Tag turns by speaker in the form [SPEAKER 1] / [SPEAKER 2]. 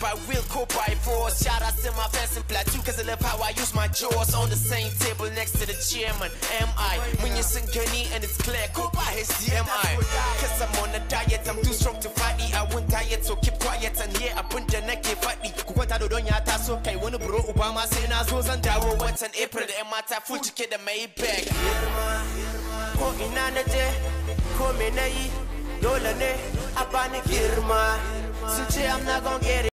[SPEAKER 1] by will, co by force. Shout out to my fans in plateau, cause I love how I use my jaws. On the same table next to the chairman, am I? When you're Sinkani and it's clear, cool by his DMI. Cause I'm on a diet, I'm too strong to fight me. I won't diet, so keep quiet and yeah, I put the neck in fight me. Kukwata do don taso, kai wani bro Obama sai na zo zan dawo watan April da 'yan mata full cike da mai bag. Ko ina ko me na yi, girma. Since I'm not gonna get
[SPEAKER 2] it.